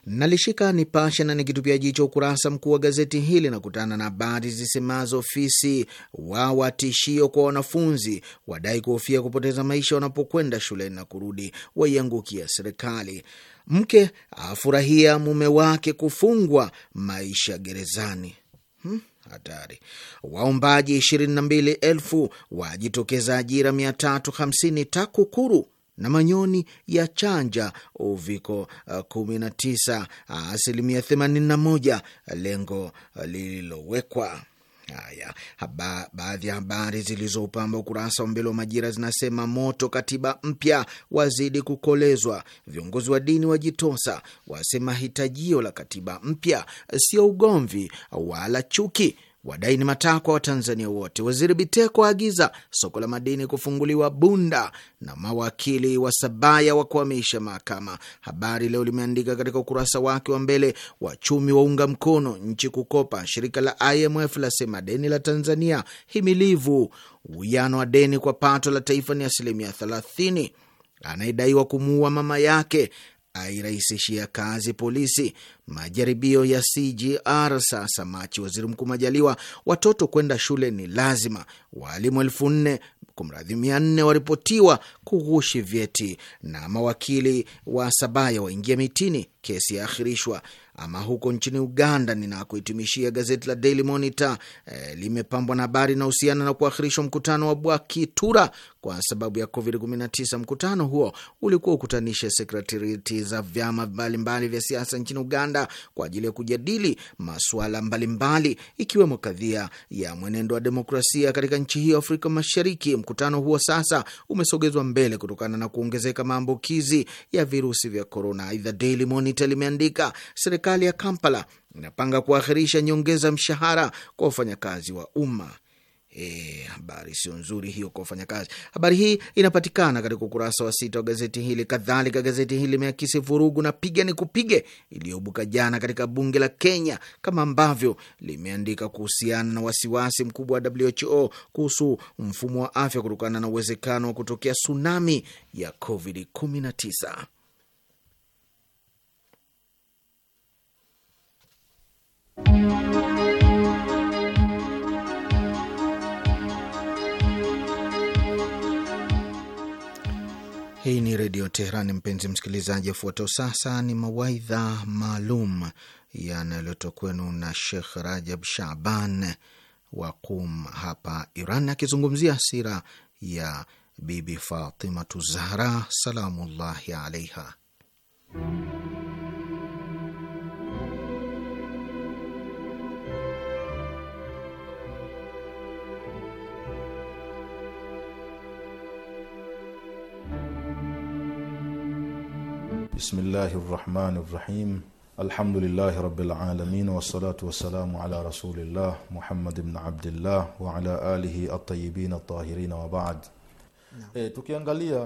Nalishika Nipashe na nikitupia jicho ukurasa mkuu wa gazeti hili na kutana na habari zisemazo ofisi wa watishio kwa wanafunzi, wadai kuhofia kupoteza maisha wanapokwenda shuleni na kurudi, waiangukia serikali. Mke afurahia mume wake kufungwa maisha gerezani. Hmm? Hatari. Waombaji elfu ishirini na mbili wajitokeza ajira mia tatu hamsini TAKUKURU na manyoni ya chanja uviko 19 uh, uh, asilimia 81, lengo uh, lililowekwa. Haya, baadhi ya habari zilizopamba ukurasa wa mbele wa Majira zinasema moto katiba mpya wazidi kukolezwa, viongozi wa dini wajitosa, wasema hitajio la katiba mpya sio ugomvi wala chuki wadai ni matakwa wa Tanzania wote. Waziri Biteko aagiza soko la madini kufunguliwa Bunda na mawakili wa Sabaya wa kuhamisha mahakama. Habari Leo limeandika katika ukurasa wake wa mbele, wachumi waunga mkono nchi kukopa. Shirika la IMF lasema deni la Tanzania himilivu. Uwiano wa deni kwa pato la taifa ni asilimia thelathini. Anayedaiwa kumuua mama yake hairahisishia kazi polisi. Majaribio ya CGR sasa Machi. Waziri Mkuu Majaliwa: watoto kwenda shule ni lazima. Waalimu elfu nne kumradhi, mia nne waripotiwa kughushi vyeti, na mawakili wa Sabaya waingia mitini kesi yaahirishwa. Ama huko nchini Uganda, ninakuhitimishia gazeti la Daily Monitor eh, limepambwa na habari inahusiana na kuahirishwa mkutano wa Bwakitura kwa sababu ya COVID-19. Mkutano huo ulikuwa ukutanishe sekretarieti za vyama mbalimbali vya siasa nchini Uganda kwa ajili ya kujadili masuala mbalimbali ikiwemo kadhia ya mwenendo wa demokrasia katika nchi hiyo Afrika Mashariki. Mkutano huo sasa umesogezwa mbele kutokana na kuongezeka maambukizi ya virusi vya korona. Aidha, Daily Monitor Monitor limeandika serikali ya Kampala inapanga kuakhirisha nyongeza mshahara kwa wafanyakazi wa umma. E, habari sio nzuri hiyo kwa wafanyakazi. Habari hii inapatikana katika ukurasa wa sita wa gazeti hili. Kadhalika, gazeti hili limeakisi vurugu na piga ni kupige iliyobuka jana katika bunge la Kenya, kama ambavyo limeandika kuhusiana na wasiwasi mkubwa wa WHO kuhusu mfumo wa afya kutokana na uwezekano wa kutokea tsunami ya COVID-19. Hii ni Redio Teherani, mpenzi msikilizaji. Afuatao sasa ni mawaidha maalum yanayoletwa kwenu na Shekh Rajab Shaban wa Qum hapa Iran, akizungumzia sira ya Bibi Fatimatu Zahra salamullahi alaiha. بسم الله الرحمن الرحيم الحمد لله رب العالمين والصلاة والسلام على رسول الله محمد بن عبد الله وعلى آله الطيبين الطاهرين وبعد tukiangalia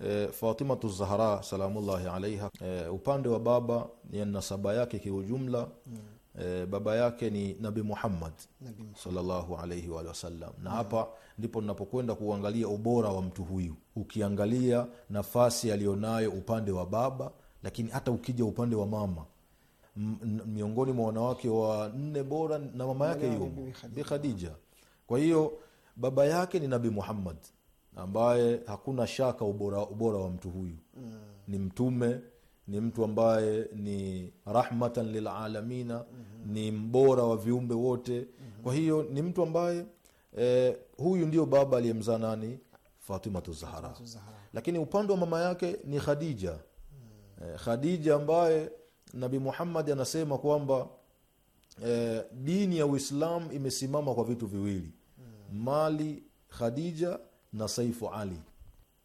e, eh, fatimatu zahra salamullahi alaiha e, eh, upande wa baba ya nasaba yake kiujumla mm. Eh, baba yake ni nabi muhammad, nabi alaihi na hapa ndipo napokwenda kuangalia ubora wa mtu huyu ukiangalia nafasi aliyonayo upande wa baba lakini hata ukija upande wa mama miongoni mwa wanawake wa nne bora na mama yake hiyo bi khadija kwa hiyo baba yake ni nabi muhammad ambaye hakuna shaka ubora, ubora wa mtu huyu mm. ni mtume ni mtu ambaye ni rahmatan lilalamina mm-hmm. ni mbora wa viumbe wote mm-hmm. kwa hiyo ni mtu ambaye eh, huyu ndio baba aliyemzaa nani fatimatu zahara lakini upande wa mama yake ni khadija mm-hmm. eh, khadija ambaye nabi muhammadi anasema kwamba eh, dini ya uislam imesimama kwa vitu viwili mm-hmm. mali khadija na saifu ali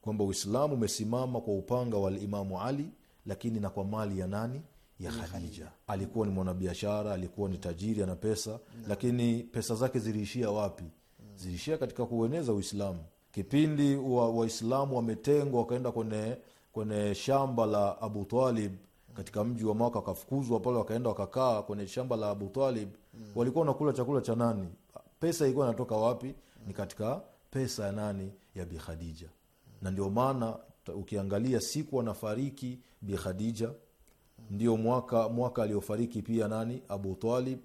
kwamba uislamu umesimama kwa upanga wa limamu ali lakini na kwa mali ya nani? ya Khadija. Alikuwa ni mwanabiashara, alikuwa ni tajiri, ana pesa, lakini pesa zake ziliishia wapi? Mm. Ziliishia katika kueneza Uislamu. Kipindi Waislamu wa wametengwa wakaenda kwenye kwenye shamba la Abu Talib mm. katika mji wa Maka, wakafukuzwa pale, wakaenda wakakaa kwenye shamba la Abu Talib. Mm. Walikuwa wanakula chakula cha nani? Pesa ilikuwa inatoka wapi? Ni katika pesa ya nani? ya Bi Khadija. Na ndio maana ukiangalia siku anafariki bi Khadija ndio mwaka mwaka aliofariki pia nani Abu Talib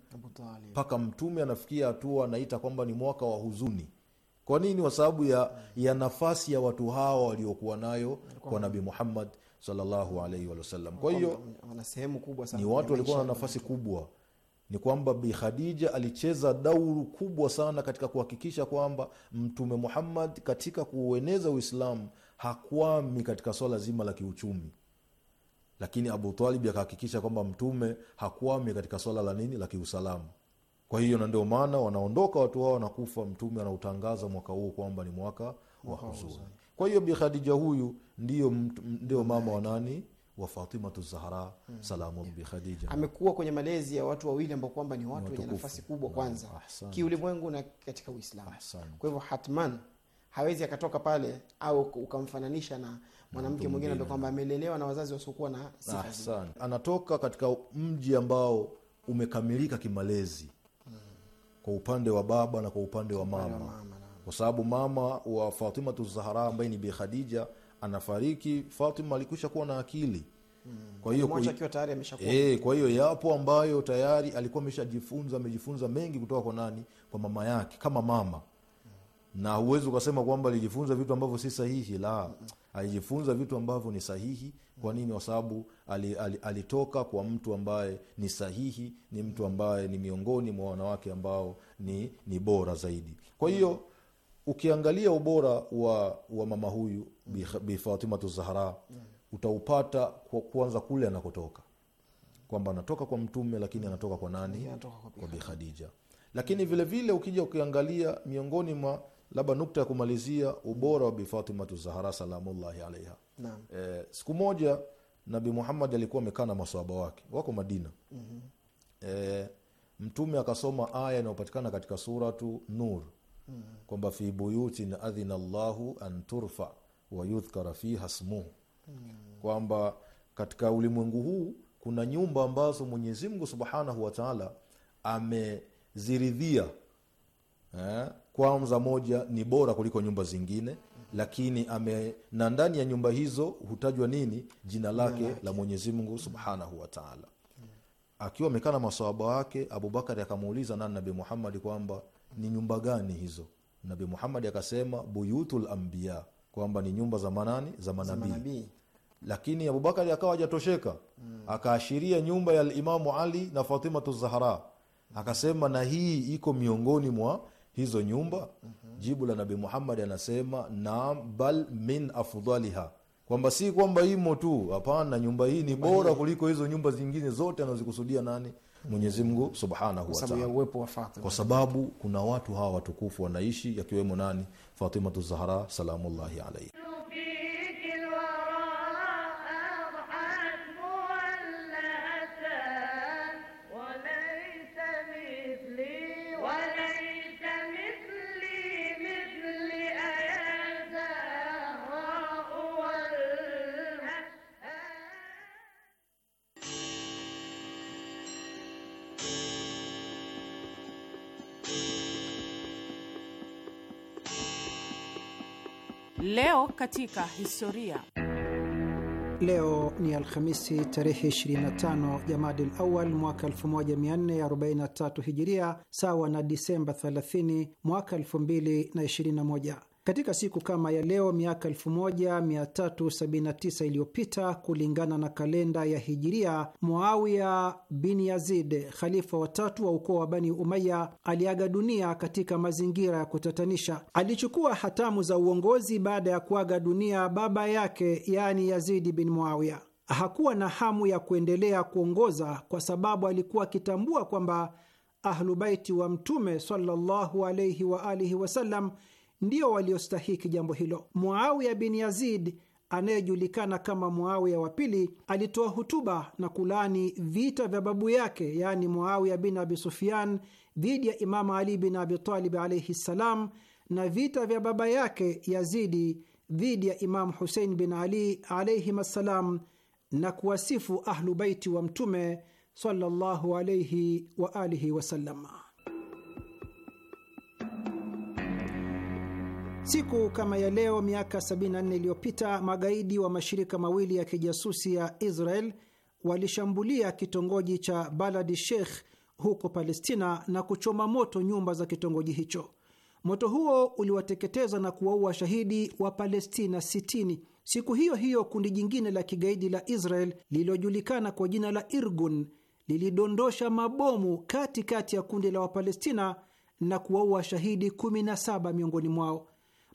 mpaka mtume anafikia hatua anaita kwamba ni mwaka wa huzuni. Kwa nini? Kwa sababu ya, ya nafasi ya watu hawa waliokuwa nayo kwa Nabi Muhammad sallallahu alaihi Kwa hiyo ni watu walikuwa na nafasi kubwa ni kwamba Bi Khadija alicheza dauru kubwa sana katika kuhakikisha kwamba Mtume Muhammad katika kuueneza Uislamu hakwami katika swala zima la kiuchumi lakini Abu Talib akahakikisha kwamba mtume hakwami katika swala la nini la kiusalama. Kwa hiyo na ndio maana wanaondoka watu hao wanakufa, mtume anautangaza mwaka huo kwamba ni mwaka wa huzuni. Kwa hiyo bikhadija huyu ndio ndio mama wa nani wa Fatimatu Zahra hmm. Salamu yeah. bikhadija amekuwa kwenye malezi ya watu wawili ambao kwamba ni watu wenye nafasi kubwa kwanza kiulimwengu na katika Uislamu. Kwa hivyo hatman hawezi akatoka pale au ukamfananisha na mwanamke mwingine ambaye kwamba amelelewa na wazazi wasiokuwa na sifa ah, Anatoka katika mji ambao umekamilika kimalezi hmm. kwa upande wa baba na kwa upande wa mama, mama, kwa sababu mama wa Fatimatu Zahara ambaye ni Bi Khadija anafariki, Fatima alikwisha kuwa na akili hmm. kwa hiyo e, kwa hiyo yapo ambayo tayari alikuwa ameshajifunza amejifunza mengi kutoka kwa nani, kwa mama yake kama mama na huwezi ukasema kwamba alijifunza vitu ambavyo si sahihi. La, alijifunza vitu ambavyo ni sahihi. Kwa nini? Kwa sababu alitoka kwa mtu ambaye ni sahihi, ni mtu ambaye ni miongoni mwa wanawake ambao ni, ni bora zaidi. Kwa hiyo ukiangalia ubora wa, wa mama huyu bifatimatu Zahra utaupata kwa kwanza kule anakotoka kwamba anatoka kwa Mtume, lakini anatoka kwa nani? Kwa bikhadija Lakini vilevile vile ukija ukiangalia miongoni mwa labda nukta ya kumalizia ubora wa bifatimatu zahara salamullahi alaiha. E, siku moja Nabi Muhammad alikuwa amekaa na masoaba wake wako Madina. mm -hmm. E, mtume akasoma aya inayopatikana katika suratu Nur mm -hmm. kwamba fi buyutin adhina llahu an turfa wa yudhkara fiha smuhu mm -hmm. kwamba katika ulimwengu huu kuna nyumba ambazo mwenyezimgu subhanahu wataala ameziridhia eh? kwanza moja ni bora kuliko nyumba zingine lakini ame, na ndani ya nyumba hizo hutajwa nini jina lake Mala. la Mwenyezi Mungu Subhanahu wataala akiwa amekaa na masoaba wake Abubakari akamuuliza nani nabi muhammadi kwamba ni nyumba gani hizo nabi muhammadi akasema buyutu lambia kwamba ni nyumba za manani za manabii lakini Abubakari akawa ajatosheka mm. akaashiria nyumba ya limamu Ali na Fatimatu Zahra akasema na hii iko miongoni mwa hizo nyumba mm-hmm. jibu la nabi muhammadi anasema naam bal min afdaliha kwamba si kwamba imo tu hapana nyumba hii ni bora kuliko hizo nyumba zingine zote anazikusudia nani mwenyezimgu subhanahu wataala kwa sababu kuna watu hawa watukufu wanaishi yakiwemo nani fatimatu zahra salamullahi alaihi katika historia. Leo ni Alhamisi tarehe 25 Jamadil Awal mwaka 1443 Hijiria, sawa na Disemba 30 mwaka 2021. Katika siku kama ya leo miaka 1379 iliyopita kulingana na kalenda ya Hijiria, Muawiya bin Yazid, khalifa watatu wa ukoo wa Bani Umaya, aliaga dunia katika mazingira ya kutatanisha. Alichukua hatamu za uongozi baada ya kuaga dunia baba yake, yaani Yazidi bin Muawiya. Hakuwa na hamu ya kuendelea kuongoza kwa sababu alikuwa akitambua kwamba Ahlubaiti wa Mtume sallallahu alaihi waalihi wasallam ndio waliostahiki jambo hilo. Muawiya bin Yazid anayejulikana kama Muawiya wa pili alitoa hutuba na kulaani vita vya babu yake, yaani Muawiya bin Abi Sufyan dhidi ya Imamu Ali bin Abi Talib alaihi ssalam, na vita vya baba yake Yazidi dhidi ya Imamu Husein bin Ali alaihim assalam, na kuwasifu Ahlu Baiti wa Mtume sallallahu alaihi wa alihi wasallam. Siku kama ya leo miaka 74 iliyopita magaidi wa mashirika mawili ya kijasusi ya Israel walishambulia kitongoji cha Baladi Sheikh huko Palestina na kuchoma moto nyumba za kitongoji hicho. Moto huo uliwateketeza na kuwaua shahidi wa Palestina 60. Siku hiyo hiyo kundi jingine la kigaidi la Israel lililojulikana kwa jina la Irgun lilidondosha mabomu katikati kati ya kundi la Wapalestina na kuwaua shahidi 17 miongoni mwao.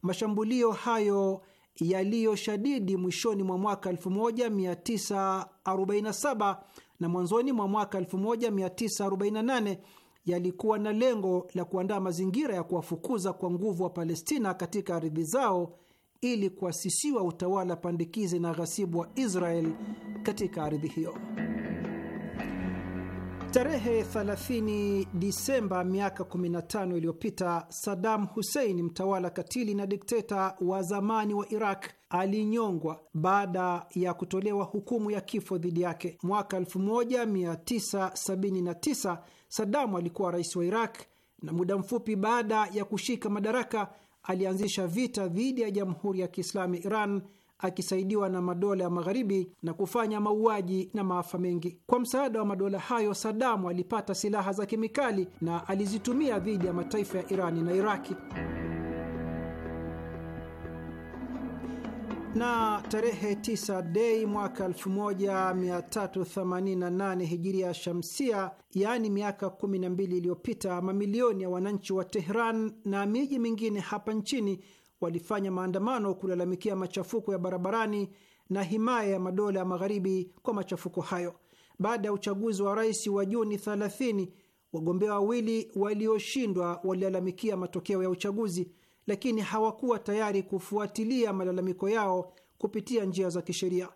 Mashambulio hayo yaliyoshadidi mwishoni mwa mwaka 1947 na mwanzoni mwa mwaka 1948 yalikuwa na lengo la kuandaa mazingira ya kuwafukuza kwa nguvu wa Palestina katika ardhi zao ili kuasisiwa utawala pandikizi na ghasibu wa Israel katika ardhi hiyo. Tarehe 30 Disemba miaka 15 iliyopita, Saddam Hussein, mtawala katili na dikteta wa zamani wa Iraq, alinyongwa baada ya kutolewa hukumu ya kifo dhidi yake. Mwaka 1979 Saddam alikuwa rais wa Iraq na muda mfupi baada ya kushika madaraka alianzisha vita dhidi ya Jamhuri ya Kiislamu ya Iran akisaidiwa na madola ya Magharibi na kufanya mauaji na maafa mengi. Kwa msaada wa madola hayo, Sadamu alipata silaha za kemikali na alizitumia dhidi ya mataifa ya Irani na Iraki. na tarehe 9 Dei mwaka 1388 hijiria shamsia, yaani miaka 12 iliyopita, mamilioni ya wananchi wa Tehran na miji mingine hapa nchini walifanya maandamano kulalamikia machafuko ya barabarani na himaya ya madola ya magharibi kwa machafuko hayo. Baada ya uchaguzi wa rais wa Juni 30, wagombea wawili walioshindwa walilalamikia matokeo ya uchaguzi, lakini hawakuwa tayari kufuatilia malalamiko yao kupitia njia za kisheria.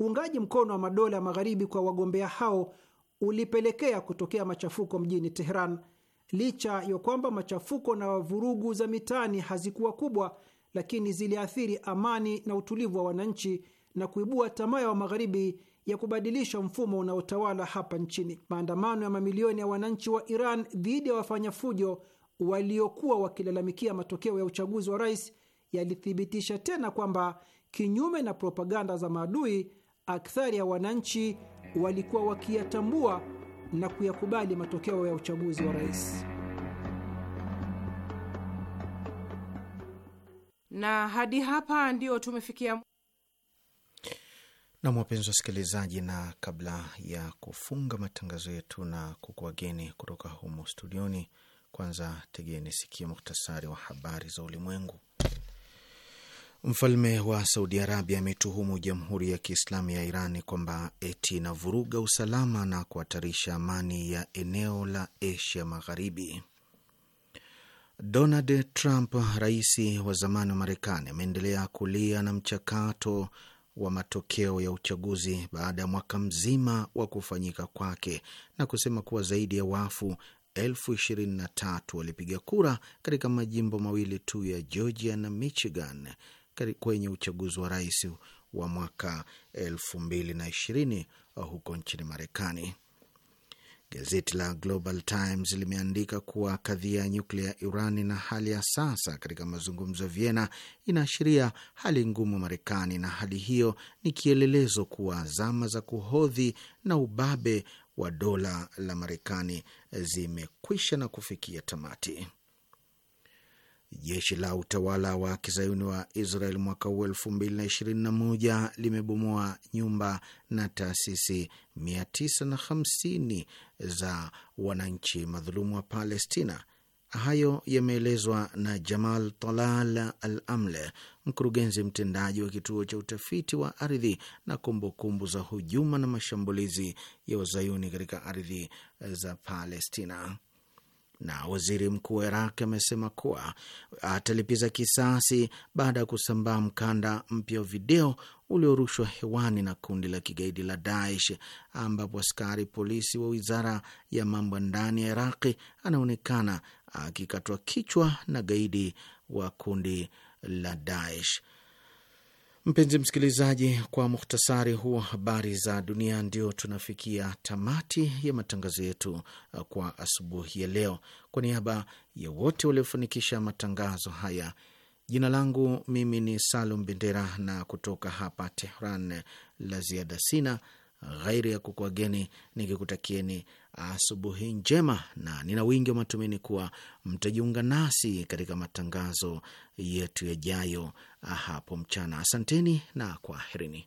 Uungaji mkono wa madola ya magharibi kwa wagombea hao ulipelekea kutokea machafuko mjini Teheran. Licha ya kwamba machafuko na vurugu za mitaani hazikuwa kubwa, lakini ziliathiri amani na utulivu wa wananchi na kuibua tamaa ya wa magharibi ya kubadilisha mfumo unaotawala hapa nchini. Maandamano ya mamilioni ya wananchi wa Iran dhidi ya wafanya fujo waliokuwa wakilalamikia matokeo ya uchaguzi wa rais yalithibitisha tena kwamba kinyume na propaganda za maadui, akthari ya wananchi walikuwa wakiyatambua na kuyakubali matokeo ya uchaguzi wa rais. na hadi hapa ndio tumefikia. Nam, wapenzi wasikilizaji, na kabla ya kufunga matangazo yetu na kukuwageni kutoka humo studioni, kwanza tegeni sikia muhtasari wa habari za ulimwengu. Mfalme wa Saudi Arabia ametuhumu Jamhuri ya Kiislamu ya Irani kwamba eti inavuruga usalama na kuhatarisha amani ya eneo la Asia Magharibi. Donald Trump, rais wa zamani wa Marekani, ameendelea kulia na mchakato wa matokeo ya uchaguzi baada ya mwaka mzima wa kufanyika kwake na kusema kuwa zaidi ya wafu elfu ishirini na tatu walipiga kura katika majimbo mawili tu ya Georgia na Michigan kwenye uchaguzi wa rais wa mwaka elfu mbili na ishirini huko nchini Marekani. Gazeti la Global Times limeandika kuwa kadhia ya nyuklia ya Iran na hali ya sasa katika mazungumzo ya Vienna inaashiria hali ngumu Marekani, na hali hiyo ni kielelezo kuwa zama za kuhodhi na ubabe wa dola la Marekani zimekwisha na kufikia tamati. Jeshi la utawala wa kizayuni wa Israel mwaka huu elfu mbili na ishirini na moja limebomoa nyumba na taasisi mia tisa na hamsini za wananchi madhulumu wa Palestina. Hayo yameelezwa na Jamal Talal Al Amle, mkurugenzi mtendaji wa kituo cha utafiti wa ardhi na kumbukumbu kumbu za hujuma na mashambulizi ya wazayuni katika ardhi za Palestina na waziri mkuu wa Iraq amesema kuwa atalipiza kisasi baada ya kusambaa mkanda mpya wa video uliorushwa hewani na kundi la kigaidi la Daesh, ambapo askari polisi wa wizara ya mambo ya ndani ya Iraqi anaonekana akikatwa kichwa na gaidi wa kundi la Daesh. Mpenzi msikilizaji, kwa muhtasari huo habari za dunia, ndio tunafikia tamati ya matangazo yetu kwa asubuhi ya leo. Kwa niaba ya wote waliofanikisha matangazo haya, jina langu mimi ni Salum Bendera, na kutoka hapa Tehran la ziada sina ghairi ya kukuageni nikikutakieni asubuhi njema, na nina wingi wa matumaini kuwa mtajiunga nasi katika matangazo yetu yajayo hapo mchana. Asanteni na kwaherini.